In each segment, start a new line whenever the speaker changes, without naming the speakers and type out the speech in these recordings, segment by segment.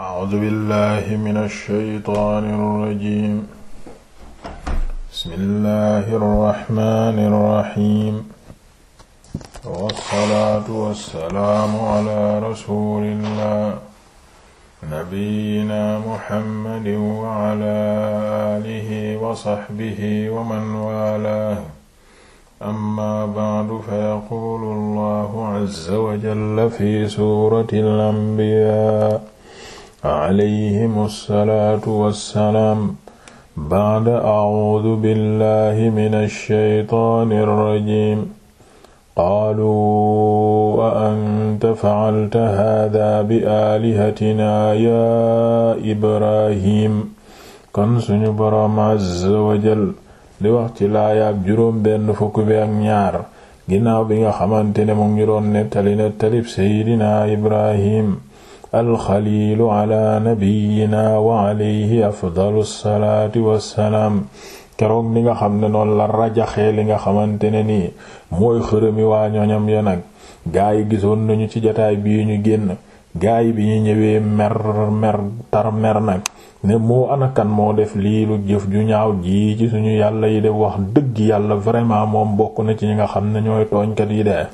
A'uuzu billaahi mina shaytaani rajiim. Bismillaahi rahmaani rahiim. Wassalaatu wassalaamu alaa rasuulillaah. Nabiyyinaa Muhammadin wa alaa aalihi wa sahbihi wa man waalaah. Ammaa ba'du fayaquulu Allaahu azza wa jalla fi suuratil anbiyaa. alayhim salaatu wassalaam ba'da a'uudu billahi mina shaytaani rajiim qaaluu a anta fa'alta haadaa bi aalihatinaa yaa Ibrahim kon suñu boroom azza wa jal di wax ci laayaab juróom benn fukk bi ak ñaar ginnaaw bi nga xamante ne mu ngi doon nettali nettalib seydinaa Ibrahim alxalilu ala nabiyina wa alayhi afdalu salaatu wassalaam keroog ni nga xam ne noonu la rajaxee li nga xamante ne nii mooy xërëmi waa ñoñam ya nag gaa yi gisoon nañu ci jataay bi ñu génn gaa yi bi ñu ñëwee mer mer tar mer nag ne moo anakan moo def lii lu jëf ju ñaaw ji ci suñu yàlla yi de wax dëgg yàlla vraiment moom bokk na ci ñi nga xam ne ñooy tooñkat yi de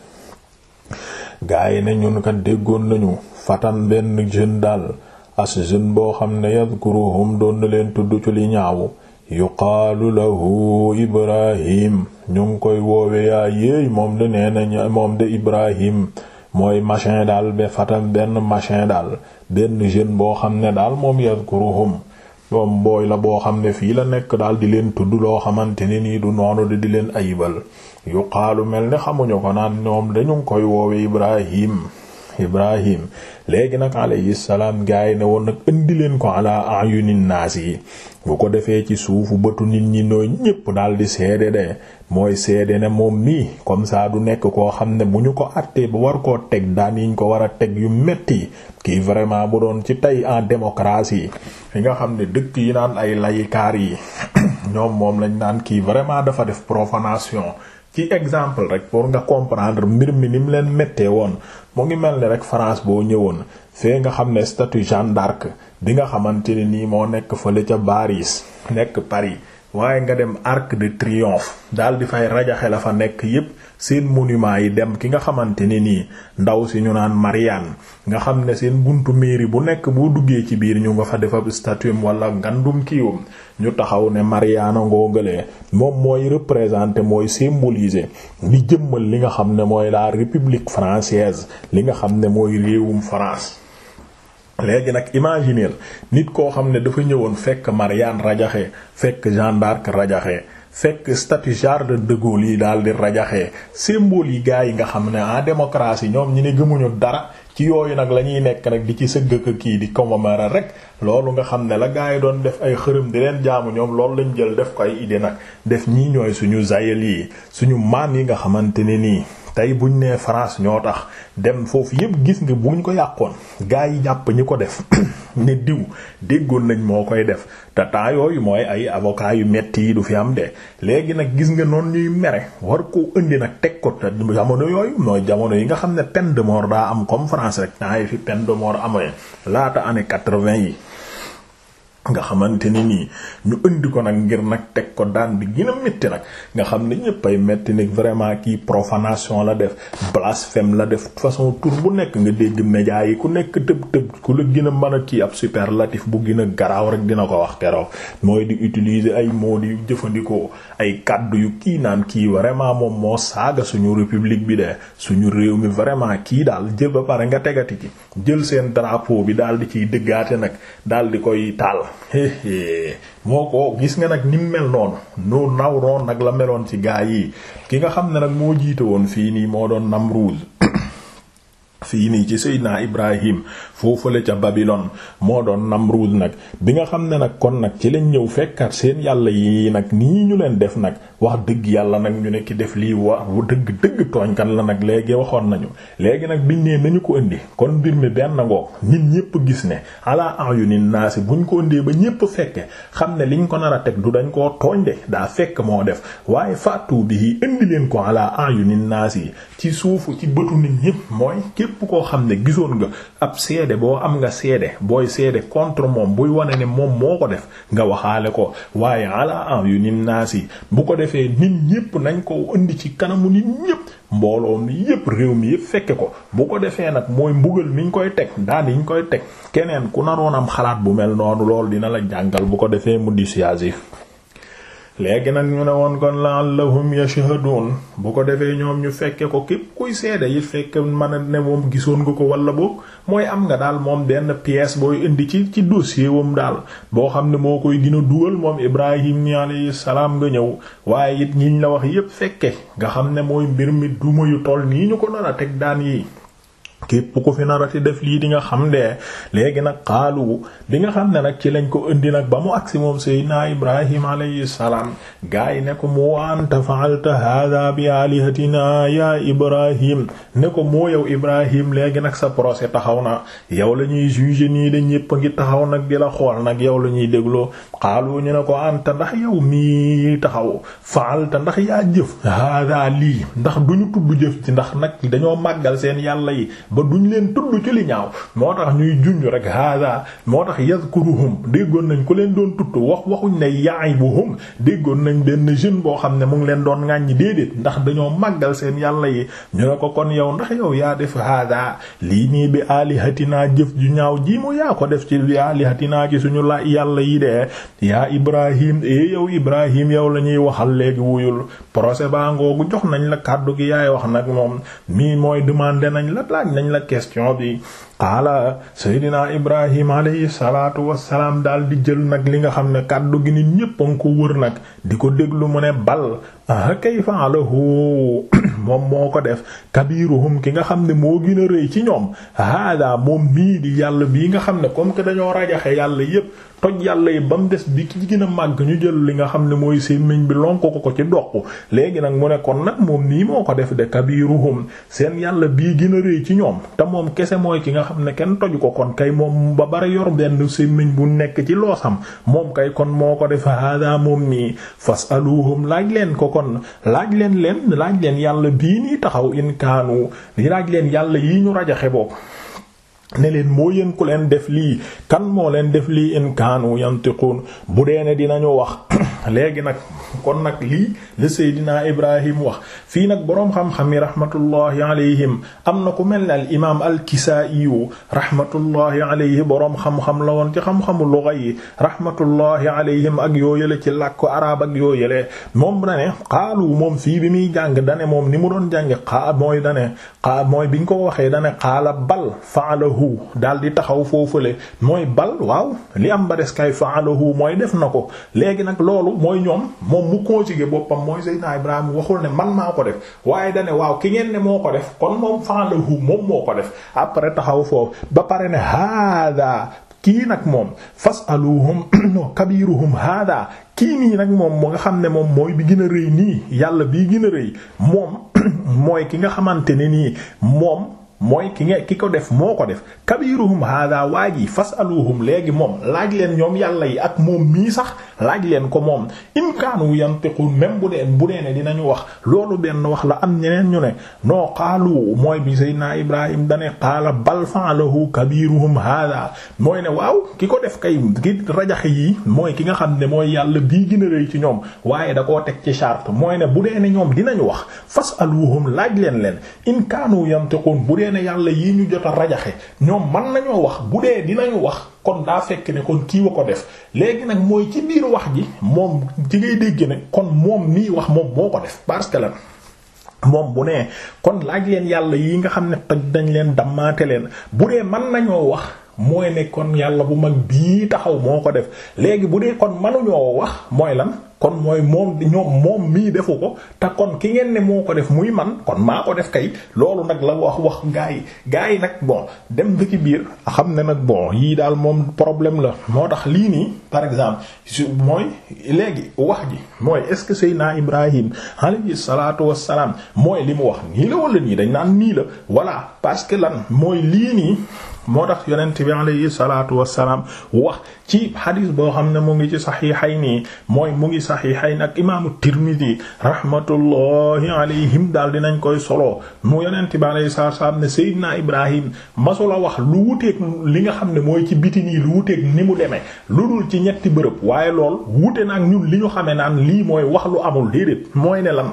gaa yi ne ñun kat déggoon nañu fatan benn jeune daal as jeune boo xam ne yadkuruhum doon na leen tudd ci li ñaaw yuqaalu lahu ibrahim ñu ngi koy woowe yaa yéey moom de nee moom de ibrahim mooy machin daal ba fatam benn machin daal benn jeune boo xam ne daal moom yadkuruhum moom la boo xam ne fii la nekk daal di leen tudd loo xamante ne nii du noonu de di leen ayibal yuqaalu mel ne xamuñu ko naan ñoom dañu ngi koy woowe ibrahim ibrahim léegi nag alayhi salaam gars ne woon nag indi leen ko ala ayunin naas yi bu ko defee ci suufu bëtu nit ñi nooy ñépp daal di seede de mooy seede ne moom mii comme ça du nekk koo xam ne bu ñu ko àttee ba war koo teg daan yiñ ko war a teg yu metti kii vraiment bu doon ci tey en démocratie fi nga xam ne dëkk yi naan ay layikaar yi ñoom moom lañ naan kii vraiment dafa def profanation ci exemple rek pour nga comprendre mbir mi ni mu leen méttee woon mu ngi mel ni rek France boo ñëwoon fee nga xam ne statue Jeanne d'Arc bi nga xamante ne nii moo nekk fële ca Paris nekk Paris waaye nga dem arc de triomphe daal di fay rajaxe la fa nekk yépp seen monument yi dem ki nga xamante ni nii ndaw si ñu naan Marianne nga xam ne seen buntu mairie bu nekk boo duggee ci biir ñu nga fa defa statue wala ngandum kiiwum ñu taxaw ne Marianne ngoogale moom mooy représenter mooy symboliser li jëmmal li nga xam ne mooy la République française li nga xam ne mooy réewum France léegi nag imaginer nit koo xam ne dafa ñëwoon fekk Marianne rajaxe fekk Jeanne d'Arc rajaxe fekk statue Charles de Gaulle yi daal di rajaxee symbole yi gars yi nga xam ne en démocratie ñoom ñi ne gëmuñu dara ci yooyu nag la ñuy nekk nag di ci sëgg ka kii di commémorer rek loolu nga xam ne la gars yi doon def ay xërëm di leen jaamu ñoom loolu lañu jël def ko ay idée nag def ñii ñooy suñu zayel yi suñu maan yi nga xamante ne nii tey buñ nee France ñoo tax dem foofu yëpp gis nga buñ ko yàqoon gaa yi jàpp ñi ko def ne diw déggoon nañ moo koy def te temps yooyu mooy ay avocat yu metti yi du fi am de léegi nag gis nga noonu ñuy mere war koo indi nag teg ko te jamono yooyu mooy jamono yi nga xam ne pen de mort daa am comme France rek temps fi peine de mort amoon laata année quatre-vingt yi nga xamante ni nii ñu indi ko nag ngir nag teg ko daan bi gën a métti nag nga xam ne ñëpp ay métti ni vraiment kii profanation la def blasphème la def façon tur bu nekk nga dégg média yi ku nekk tëb tëb ku la gën a mën a kii ab superlatif bu gën garaaw rek dina ko wax keroog mooy di utiliser ay mots yu jëfandikoo ay kàddu yu kii naan kii vraiment moom moo saaga suñu république bi de suñu réew mi vraiment kii daal jël ba pare nga tegati ci jël seen drapeau bi daal di ciy dëggaate nag daal di koy moo ko gis nga nag ni mel noonu nu nawroon nag la meloon ci gaa yi ki nga xam ne nag moo jiite woon fii nii moo doon Namrud fii nii ci Seydina Ibrahim la ca Babylone moo doon Namrud nag bi nga xam ne nag kon nag ci leen ñëw fekkaat seen yàlla yi nag nii ñu leen def nag wax dëgg yàlla nag ñu ne ki def lii wax dëgg dëgg kan la nag léegi waxoon nañu léegi nag biñ nee nañu ko indi kon mbir mi benn ngoog nit ñépp gis ne ala ayuni naasi buñ ko indee ba ñépp fekke xam ne liñ ko nar a teg du dañ koo tooñ de daa fekk moo def waaye faatu bi indi leen ko ala ayuni naasi ci suufu ci bëtu bu koo xam ne gisoon nga ab seede boo am nga seede booy seede contre moom buy wane ne moom moo ko def nga waxaale ko waaye ala am yu nim naa si bu ko defee nit ñépp nañ ko indi ci kanamu nit ñépp mbooloo mi yëpp réew mi yëpp fekke ko bu ko defee nag mooy mbugal mi ñu koy teg daan yi ñu koy teg keneen ku naroon am xalaat bu mel noonu loolu dina la jàngal bu ko defee mu dissuasif léegi nag ñu ne woon kon la la'allahum yashhadun bu ko defee ñoom ñu fekke ko képp kuy seede yi fekk mën a ne moom gisoon nga ko wala boog mooy am nga daal moom benn piyees booy indi ci ci dossier wam daal boo xam ne moo koy gën a dugal moom Ibrahim ni alayhi salaam nga ñëw waaye it ñu la wax yépp fekke nga xam ne mooy mbir mi duma yu toll nii ñu ko nar a teg daan yi képp ku fi narati def lii di nga xam de léegi nag xaalu bi nga xam ne nag ci lañ ko indi nag ba mu agsi moom seydina ibrahim alayhi salaam gaa yi ne ko mu anta fa'alta hada bi alihatina ya ibrahim ne ko moo yow ibrahim léegi nag sa procès taxaw na yow la ñuy juger nii de ñépp a ngi taxaw nag di la xool nag yow la ñuy dégloo xaalu ñu ne ko anta ndax yow mii taxaw fa'alta ndax yaa jëf hada lii ndax duñu tudd jëf ci ndax nag dañoo màggal seen yàlla yi ba duñ leen tudd ci li ñaaw moo tax ñuy junj rek hada moo tax yazkuruhum déggoon nañ ko leen doon tudd wax waxuñ ne yaay ya'ibuhum déggoon nañ benn jeune boo xam ne mu ngi leen doon ŋàññi déedéet ndax dañoo màggal seen yàlla yi ñu ne ko kon yow ndax yow yaa def hada lii nii bi alihatina jëf ju ñaaw jii mu yaa ko def ci bi alihatina ci suñu la yàlla yi de yaa Ibrahim eh yow Ibrahim yow la ñuy waxal léegi wuyul procès baa ngoogu jox nañ la kàddu gi yaay wax nag moom nañ la question bi qaala seydina ibrahim alayhi salaatu wassalaam daal di jël nag li nga xam ne kàddu gi nit ñépp a ko wër nag di ko déglu mu ne bal ah kayfa alahu moom moo ko def kabiruhum ki nga xam ne moo gën a rëy ci ñoom hada moom mii di yàlla bii nga xam ne comme que dañoo rajaxe yàlla yépp toj yàlla yi ba mu des bi ki gën a màgg ñu jël li nga xam ne mooy sémmiñ bi lonk ko ko ci doq léegi nag mu ne kon nag moom nii moo ko def de kabiruhum seen yàlla bii gën a rëy ci ñoom te moom kese mooy ki nga xam ne kenn toju ko kon kay moom ba bare yor benn sémmiñ bu nekk ci loosam moom kay kon moo ko def hada moom nii fasaluhum laaj leen ko kon laaj leen leen bii nii taxaw in kaanu di laaj leen yàlla yi ñu rajaxe bokk ne leen moo yéen ku leen def lii kan moo leen def lii in kaanu yantiqun bu dee ne dinañu wax léegi nag kon nag lii la Seydina Ibrahim wax fii nag boroom xam-xam yi rahmatullahi am na ku mel ne al imaam al Kisaa'i rahmatullahi alayhi boroom xam-xam la woon ci xam-xamu luga yi rahmatullahi ak yoo yële ci làkku araab ak yoo moom na ne moom fii bi muy jàng dane moom ni mu doon jànge xaa mooy dane xaa mooy biñ ko waxee dane xaala bal faalahu dal di taxaw foofule mooy bal waaw li am ba des kay mooy def na ko léegi nag loolu mooy ñoom moom moom mu conjugué boppam mooy Seydina Ibrahima waxul ne man maa ko def waaye da waaw ki ngeen ne moo ko def kon moom fa'alahu moom moo ko def après taxaw foofu ba pare ne hada kii nag moom fasaluhum kabiruhum hada kii nii nag moom moo nga xam ne moom mooy bi gën a rëy nii yàlla bii gën a rëy moom mooy ki nga xamante ne nii moom mooy ki nga ki ko def moo ko def kabiruhum hada waa ji fasaluhum léegi moom laaj leen ñoom yàlla yi ak moom mii sax laaj leen ko moom imkaanu yantiqun même bu deen bu deene dinañu wax loolu benn wax la am ñeneen ñu ne noo xaalu mooy bi seydina ibrahim dane qaala bal fa'alahu kabiruhum hada mooy ne waaw ki ko def kay ki rajax yi mooy ki nga xam ne mooy yàlla bii gën ci ñoom waaye da koo teg ci charte mooy ne bu deene ñoom dinañu wax fasaluhum laaj leen leen dee yàlla yi ñu jot a rajaxe ñoom man nañoo wax bu dee dinañu wax kon daa fekk ne kon kii ko def léegi nag mooy ci biir wax ji moom ci ngay dégg ne kon moom nii wax moom moo ko def parce que lan moom bu nee kon laaj leen yàlla yi nga xam ne toj dañ leen dammaate leen bu dee man nañoo wax mooy ne kon yàlla bu mag bii taxaw moo ko def léegi bu dee kon mënuñoo wax mooy lan kon mooy moom ñoom moom mii defu ko te kon ki ngeen ne moo ko def muy man kon maa ko def kay loolu nag la wax wax gaay yi yi nag bon dem ba ki biir xam ne nag bon yii daal moom problème la moo tax lii nii par exemple su mooy léegi wax ji mooy est-ce que Seydina Ibrahim alayhi salaatu wassalaam mooy li mu wax nii la wala nii dañ naan nii la voilà parce que lan mooy lii nii. moo tax yonent bi alayhi salaatu wassalaam wax ci xadis boo xam ne mu ngi ci nii mooy mu ngi saxiixayni ak imaamu Tirmidi rahmatullahi alayhim daal dinañ koy solo mu yonent bi alayhi salaatu wassalaam ne Seydina Ibrahim masula wax lu wuteeg li nga xam ne mooy ci biti nii lu wuteeg ni mu demee lu dul ci ñetti bërëb waaye lool wute na ñun li ñu xamee naan lii mooy wax lu amul déedéet mooy ne lan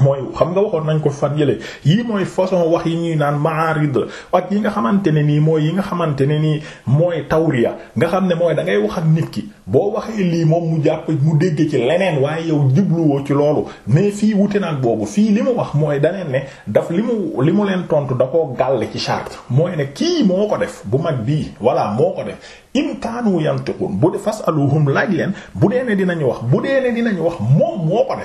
mooy xam nga waxoon nañ ko fan yële yii mooy façon wax yi ñuy naan maarid ak yi nga xamante ne nii mooy yi nga xamante ne nii mooy tawriya nga xam ne mooy da ngay wax ak nit ki boo waxee lii moom mu jàpp mu dégg ci leneen waaye yow jubluwoo ci loolu mais fii wute naag boobu fii li mu wax mooy daneen ne daf li mu li mu leen tontu da koo gàll ci charte mooy ne kii moo ko def bu mag bii voilà moo ko def in kaanu yantiqun bu de fas aluhum laaj leen bu dee ne dinañu wax bu dee ne dinañu wax moo ko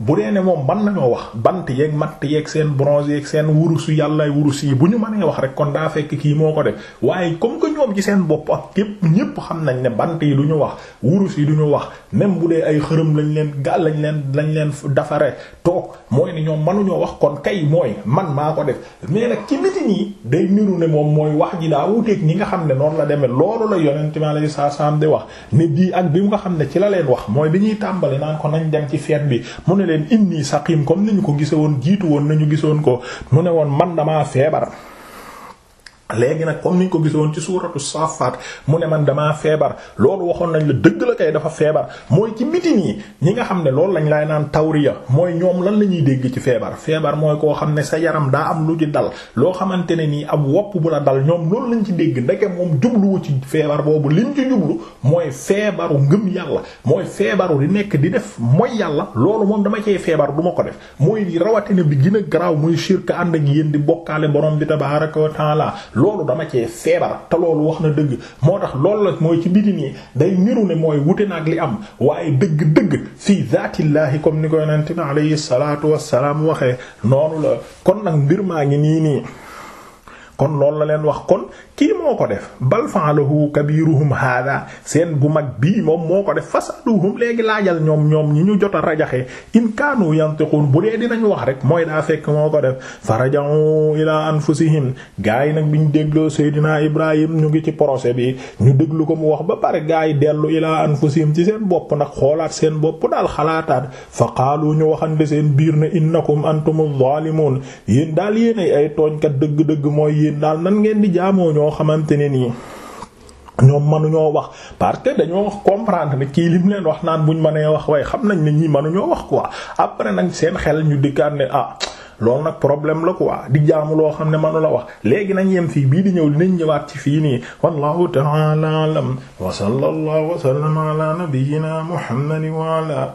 bu dee ne moom mën nañoo wax bant yeeg matt yeeg seen bronze yeeg seen wurusu yàlla wurus yi bu ñu mënee wax rek kon daa fekk kii moo ko def waaye comme que ñoom ji seen bopp ak képp ñépp nañ ne bant yi du ñu wax wurus yi du wax même bu dee ay xërëm lañ leen gàll lañ leen lañ leen dafare toog mooy ne mënuñoo wax kon kay mooy man maa ko def mais nag ci biti nii moom mooy wax ji daa wuuteeg ñi xam ne noonu la demee loolu la yonent mi alayhi salaam di wax ne bii ak bi nga xam ne ci la leen wax mooy bi ñuy tàmbali naan ko nañ dem ci feet bi mu ne leen inni saqim comme ni ñu ko gise woon jiitu woon nañu gisoon ko mu ne woon man damaa feebar léegi nag comme ni ñu ko gisoon ci suuratu safat mu ne man damaa feebar loolu waxoon nañ la dëgg la kay dafa feebar mooy ci mitin yi ñi nga xam ne loolu lañ laay naan ya mooy ñoom lan la ñuy dégg ci feebar feebar mooy koo xam ne sa yaram daa am lu ci dal loo xamante ne nii ab wopp bu la dal ñoom loolu lañ ci dégg ndeke moom jubluwu ci feebar boobu liñ ci jublu mooy feebaru ngëm yàlla mooy feebaru di nekk di def mooy yàlla loolu moom dama cee feebar du ma ko def mooy rawatina bi gën a garaaw muy ànd ak yéen di bokkaale borom bi tabaaraka wa taala loolu dama cee feebar te loolu wax na dëgg moo tax loolu la mooy ci biti nii day niru ne mooy wute naag li am waaye dëgg-dëgg fii zaatillaahi comme ni ko yonente bi alayhi salaatu wassalaam waxee noonu la kon nag mbir maa ngi nii nii kon loolu la leen wax kon kii moo ko def bal fa'alahu kabiruhum hada seen bu mag bii moom moo ko def fasaluhum léegi laajal ñoom ñoom ñi ñu jot a rajaxee in kaanu yantiqun bu dee dinañ wax rek mooy daa fekk moo ko def faraja'u ila anfusihim gaa yi nag bi ñu dégloo Seydina Ibrahim ñu ngi ci procès bi ñu déglu ko mu wax ba pare gaa yi dellu ila anfusihim ci seen bopp nag xoolaat seen bopp daal xalaataat fa qaalu ñu waxande seen biir na innakum antumuz zalimun yéen daal yéen ay tooñkat dëgg-dëgg mooy yéen daal nan ngeen di jaamoo ñoo xamante ne nii ñoom mënuñoo wax parce que dañoo wax comprendre ne kii lim leen wax naan buñ mënee wax waaye xam nañ ne ñii mënuñoo wax quoi après nag seen xel ñu dikkaat ne ah. lool nag problème la ko quoi di jaamu loo xam ne manu la wax léegi nañ yem fii bii di ñëw dinañ ñëwaat ci fii nii wallahu ta'ala alam wa sallallahu wa sallama ala nabiyyina muhammadin wa ala